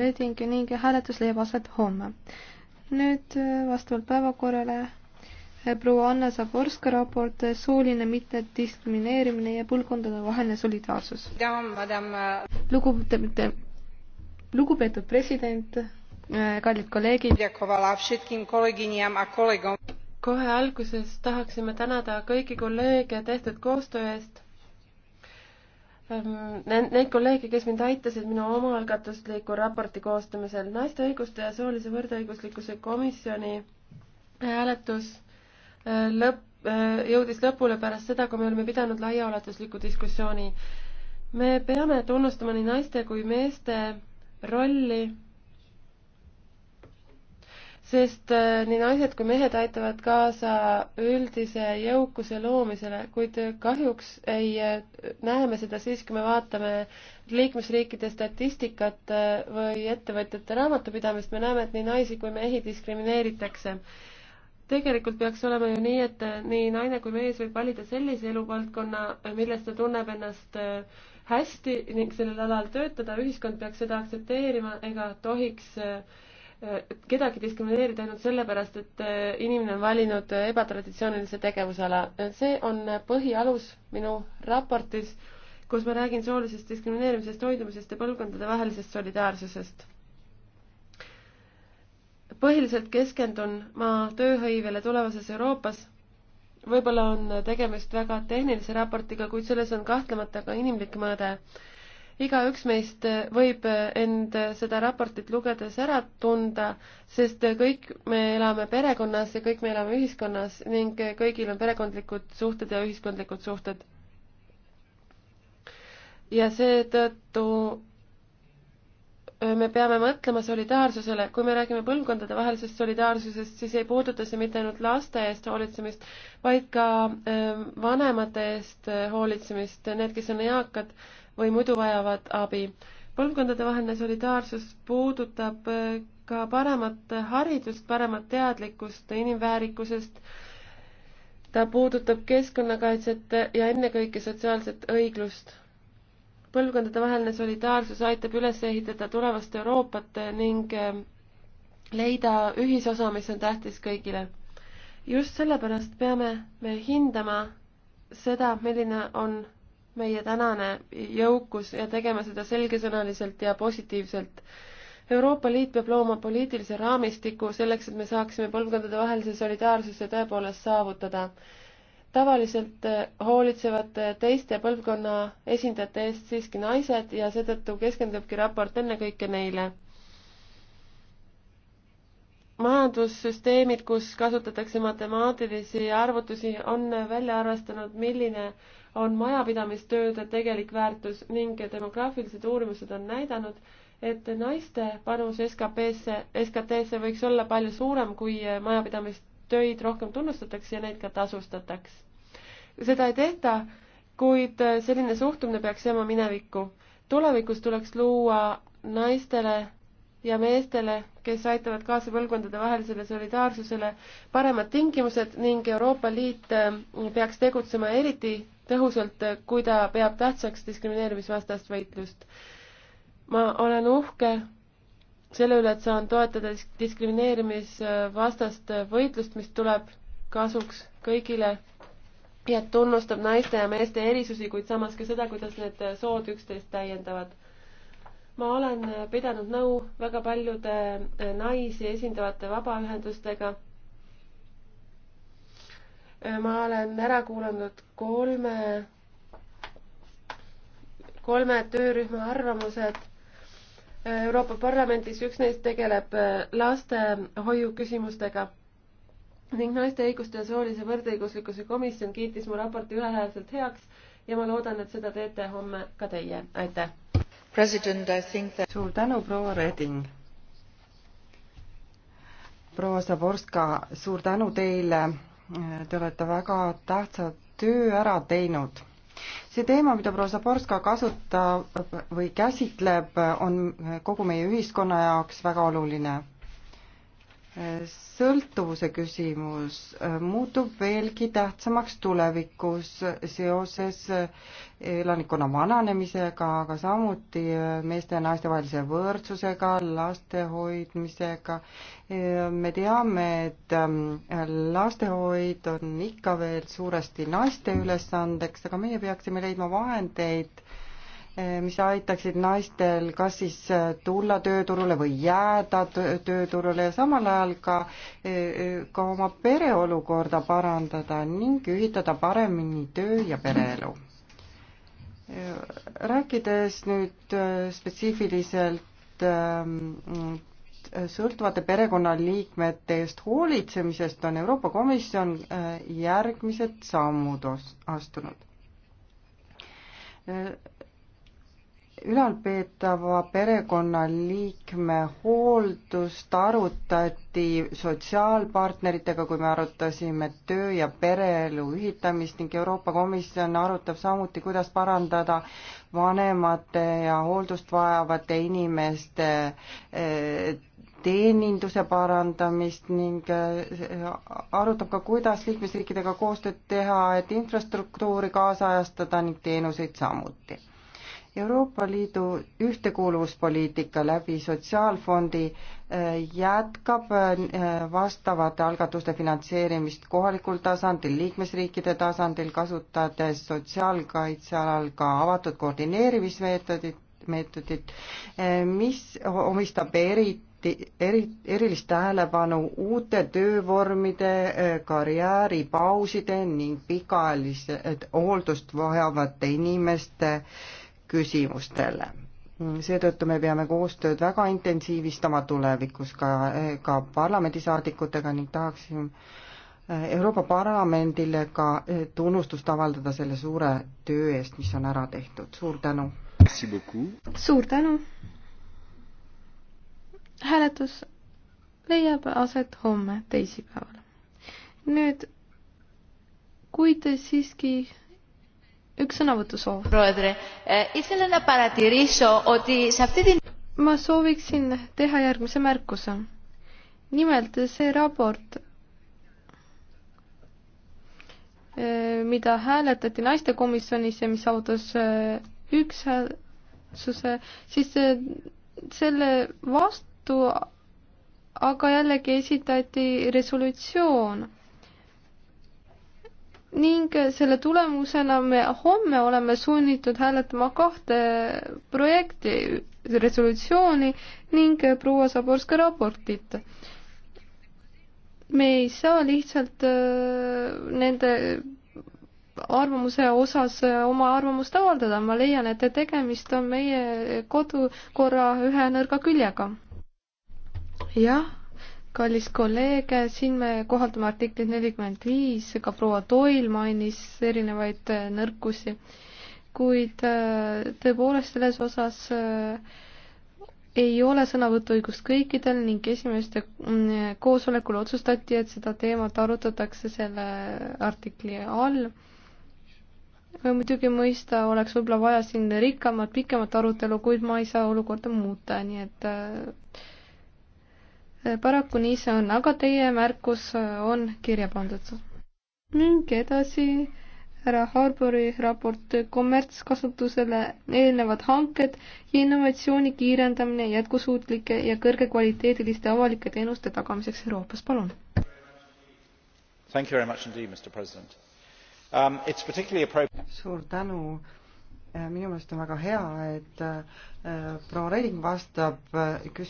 Reding ning hääletus leiab aset homme. nüüd äh, vastavalt päevakorrale äh, proua Anna Zaborska raport äh, Sooline mittediskrimineerimine ja põlvkondadevaheline solidaarsus. lugupeetud, lugupeetud president, kallid kolleegid. kohe alguses tahaksime tänada kõiki kolleege tehtud koostöö eest Ähm, neid kolleege, kes mind aitasid minu omaalgatusliku raporti koostamisel. naiste õiguste ja soolise võrdõiguslikkuse komisjoni äh, hääletus äh, lõpp, äh, jõudis lõpule pärast seda, kui me olime pidanud laiaulatusliku diskussiooni. me peame tunnustama nii naiste kui meeste rolli sest äh, nii naised kui mehed aitavad kaasa üldise jõukuse loomisele, kuid kahjuks ei äh, näe me seda siis, kui me vaatame liikmesriikide statistikat äh, või ettevõtjate raamatupidamist, me näeme, et nii naisi kui mehi diskrimineeritakse. tegelikult peaks olema ju nii, et nii naine kui mees võib valida sellise eluvaldkonna, milles ta tunneb ennast hästi ning sellel alal töötada, ühiskond peaks seda aktsepteerima ega tohiks äh, kedagi diskrimineerida ainult sellepärast, et eh, inimene on valinud eh, ebatraditsioonilise tegevusala. see on põhialus minu raportis, kus ma räägin soolisest diskrimineerimisest hoidumisest ja põlvkondade vahelisest solidaarsusest. põhiliselt keskendun ma tööhõivele tulevases Euroopas võib-olla on tegemist väga tehnilise raportiga, kuid selles on kahtlemata ka inimlik mõõde igaüks meist võib end seda raportit lugedes ära tunda, sest kõik me elame perekonnas ja kõik me elame ühiskonnas ning kõigil on perekondlikud suhted ja ühiskondlikud suhted. ja seetõttu äh, me peame mõtlema solidaarsusele, kui me räägime põlvkondadevahelisest solidaarsusest, siis ei puuduta see mitte ainult laste eest hoolitsemist, vaid ka äh, vanemate eest äh, hoolitsemist, need, kes on eakad, või muidu vajavad abi. põlvkondadevaheline solidaarsus puudutab äh, ka paremat haridust, paremat teadlikkust inimväärikusest. ta puudutab keskkonnakaitset ja ennekõike sotsiaalset õiglust. põlvkondadevaheline solidaarsus aitab üles ehitada tulevast Euroopat ning äh, leida ühisosa, mis on tähtis kõigile. just sellepärast peame me hindama seda, milline on meie tänane jõukus ja tegema seda selgesõnaliselt ja positiivselt. Euroopa Liit peab looma poliitilise raamistiku selleks, et me saaksime põlvkondadevahelise solidaarsuse tõepoolest saavutada. tavaliselt eh, hoolitsevad teiste põlvkonna esindajate eest siiski naised ja seetõttu keskendubki raport ennekõike neile majandussüsteemid, kus kasutatakse matemaatilisi arvutusi, on välja arvestanud, milline on majapidamistööde tegelik väärtus ning demograafilised uurimused on näidanud, et naiste panus SKP-sse, SKT-sse võiks olla palju suurem, kui majapidamistöid rohkem tunnustatakse ja neid ka tasustataks. seda ei tehta, kuid selline suhtumine peaks jääma minevikku. tulevikus tuleks luua naistele ja meestele, kes aitavad kaasa põlvkondadevahelisele solidaarsusele, paremad tingimused ning Euroopa Liit eh, peaks tegutsema eriti tõhusalt, eh, kui ta peab tähtsaks diskrimineerimisvastast võitlust. ma olen uhke selle üle, et saan toetada diskrimineerimisvastast võitlust, mis tuleb kasuks kõigile ja tunnustab naiste ja meeste erisusi, kuid samas ka seda, kuidas need sood üksteist täiendavad ma olen äh, pidanud nõu väga paljude äh, naisi esindavate vabaühendustega. Äh, ma olen ära kuulanud kolme, kolme töörühma arvamused Euroopa Parlamendis, üks neist tegeleb lastehoiu küsimustega ning naiste õiguste ja soolise võrdõiguslikkuse komisjon kiitis mu raporti ühehäälselt heaks ja ma loodan, et seda teete homme ka teie. aitäh! That... suur tänu, proua Reding. proua Zaborska, suur tänu teile. Te olete väga tähtsa töö ära teinud see teema, mida proua Zaborska kasutab või käsitleb, on kogu meie ühiskonna jaoks väga oluline sõltuvuse küsimus muutub veelgi tähtsamaks tulevikus seoses elanikkonna vananemisega, aga samuti meeste ja naiste vahelise võrdsusega, laste hoidmisega. me teame, et ähm, lastehoid on ikka veel suuresti naiste ülesandeks, aga meie peaksime leidma vahendeid mis aitaksid naistel kas siis tulla tööturule või jääda tööturule ja samal ajal ka, ka oma pere olukorda parandada ning ühitada paremini töö ja pereelu. rääkides nüüd spetsiifiliselt ähm, sõltuvate perekonnaliikmete eest hoolitsemisest on Euroopa Komisjon äh, järgmised sammud astunud äh, ülalpeetava perekonnaliikme hooldust arutati sotsiaalpartneritega, kui me arutasime töö ja pereelu ühitamist ning Euroopa Komisjon arutab samuti, kuidas parandada vanemate ja hooldust vajavate inimeste eh, teeninduse parandamist ning eh, arutab ka, kuidas liikmesriikidega koostööd teha, et infrastruktuuri kaasajastada ning teenuseid samuti Euroopa Liidu ühtekuuluvuspoliitika läbi Sotsiaalfondi äh, jätkab äh, vastavate algatuste finantseerimist kohalikul tasandil, liikmesriikide tasandil, kasutades sotsiaalkaitsealal ka avatud koordineerimismeetodit, meetodit, äh, mis omistab eriti eri, erilist tähelepanu uute töövormide, karjääripauside ning pikaajalise hooldust vajavate inimeste äh, küsimustele. seetõttu me peame koostööd väga intensiivistama tulevikus ka, ka parlamendisaadikutega ning tahaksin eh, Euroopa Parlamendile ka eh, tunnustust avaldada selle suure töö eest, mis on ära tehtud. suur tänu! suur tänu! hääletus leiab aset homme, teisipäeval. nüüd, kui te siiski üks sõnavõtusoov. ma sooviksin teha järgmise märkuse. nimelt see raport, e, mida hääletati naistekomisjonis ja mis saavutas e, ükshäälsuse, siis e, selle vastu aga jällegi esitati resolutsioon ning selle tulemusena me homme oleme sunnitud hääletama kahte projekti, resolutsiooni ning proua Saborska raportit. me ei saa lihtsalt äh, nende arvamuse osas äh, oma arvamust avaldada, ma leian, et tegemist on meie kodukorra ühe nõrga küljega. jah kallis kolleeg, siin me kohaldame artiklit nelikümmend viis, ka proua Toil mainis erinevaid äh, nõrkusi, kuid äh, tõepoolest selles osas äh, ei ole sõnavõtuõigust kõikidel ning esimeste mm, koosolekul otsustati, et seda teemat arutatakse selle artikli all. muidugi mõista oleks võib-olla vaja siin rikkamat, pikemat arutelu, kuid ma ei saa olukorda muuta, nii et äh, Äh, paraku nii see on, aga teie märkus äh, on kirja pandud. ning edasi härra Harbori raport äh, kommertskasutusele eelnevad hanked ja innovatsiooni kiirendamine jätkusuutlike ja kõrgekvaliteediliste avalike teenuste tagamiseks Euroopas, palun. Um, particularly... suur tänu minu meelest on väga hea, et proua Reiling vastab